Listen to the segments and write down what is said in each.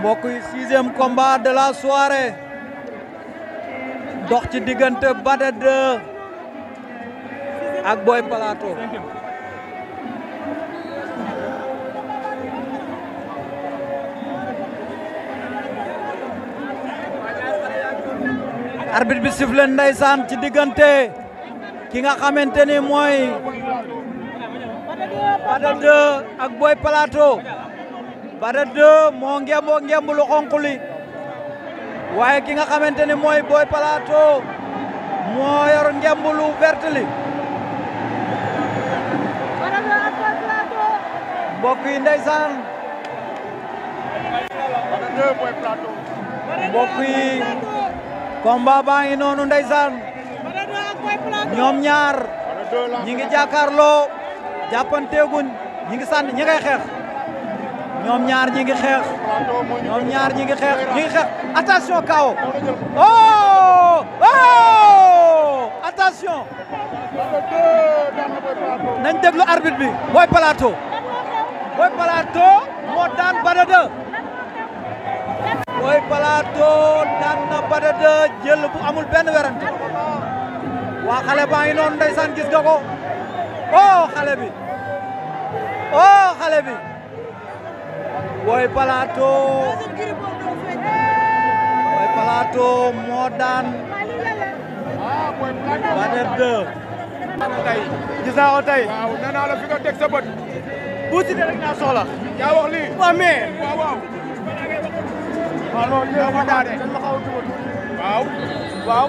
mbokk yi sixième combat de la soirée dox ci diggante Bada 2 ak Boy Plateau arbitre bi sifflé ndeysaan ci diggante ki nga xamante ni mooy Bada 2 ak Boy Plateau Bada 2 moo ngemboo ngemb lu waaye ki nga xamante ni mooy Boy Plateau moo yor ngemb lu vert li mbokk yi ndeysaan mbokk baa ngi noonu ndeysaan ñoom ñaar ñi ngi jàkkaarloo jàppanteeguñ ñi ngi sànni ñi ñoom ñaar ñi ngi xeex ñoom ñaar ñi ngi xeex ñi ngi xeex attention KO oh oh attention nañ déglu arbitre bi Boy Plateau Boy Plateau moo daan Bada 2 Boy Plateau daan na Bada 2 jël bu amul benn werante waa xale baa ngi noonu ndeysaan gis nga ko oh xale bi oh xale bi Boy Plateau Boy moo daan Bader 2 tey gis naa ko la fi nga teg sa bët bu naa soxla yaa wax lii waaw mais waaw waaw waaw non daane dañ ma xaw a tuuti waaw waaw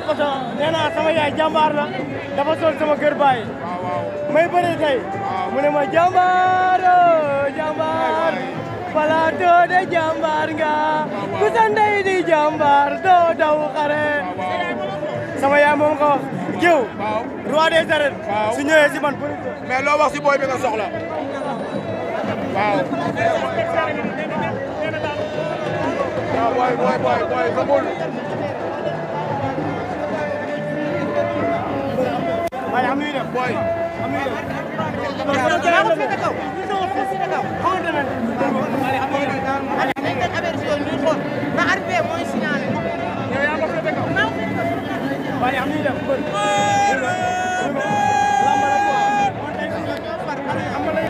sama yaay jàmbaar la dafa sol sama kër baay may bëre tey mu ne ma jàmbaar oh, jàmbaar Plateau de jàmbaar nga ku sa di jàmbaar doo daw xare sama yaay moom ko wax Diou roi des arènes su ñëwee si man mais loo wax si booy bi nga soxla waaw boy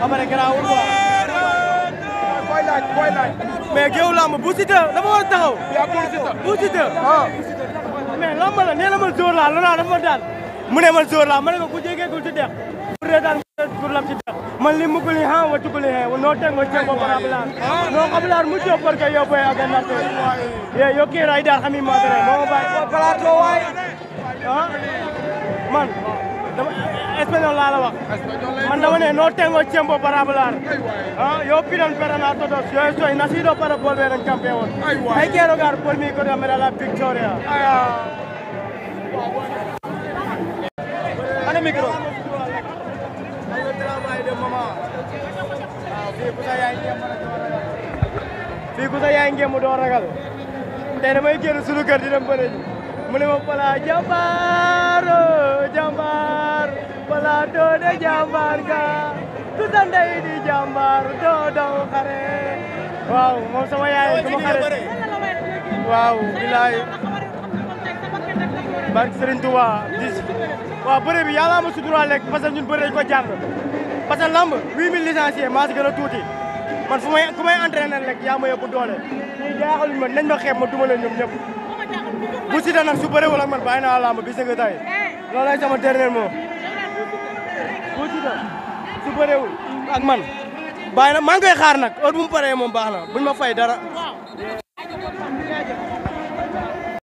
amare garaawul quoi koy laaj koy laaj mais géew lamb bu Siteu dafa war a taxaw bu Siteu mais lamb la nee na ma dóor laa loolaa dafa ma daan mu ne man joor laa ma ne ko ku jégeegul ci dex pour reetaan pour lab ci dex man li mukuli ha wa tukuli he no tengo tembo para hablar no hablar mucho porque yo voy a ganarte ye yo quiero ayudar a mi madre mo ba plato way man dama laa la wax man dama ne no tengo tiempo para hablar ah yo pidan perana todos yo estoy nacido para volver en campeón hay que rogar por mi contra la victoria micro. fii ku mu doo ragal tey damay génn sunu kër di dem bëre mu ne ma Fala jàmbaar oh jàmbaar Fala doo de jàmbaar ga ku di jàmbaar doo doo waaw moom sama yaay sama xare waaw bilaay barke Serigne Touba waaw bëre bi yàlla ma suturaal rek parce que ñun bëre dañ ko jàng parce que lamb 8000 licenciés maa si gën a tuuti man fu may ku may entraîner rek yaa ma yëpp doole ñii jaaxaluñ ma nañ ma xeeb ma duma leen ñëpp bu si da nag su bëre wala man bàyyi naa lamb bi sa nga tay loolu lay sama dernier bu si da ak man bàyyi na maa xaar nag heure bu mo paree baax na buñ ma fay dara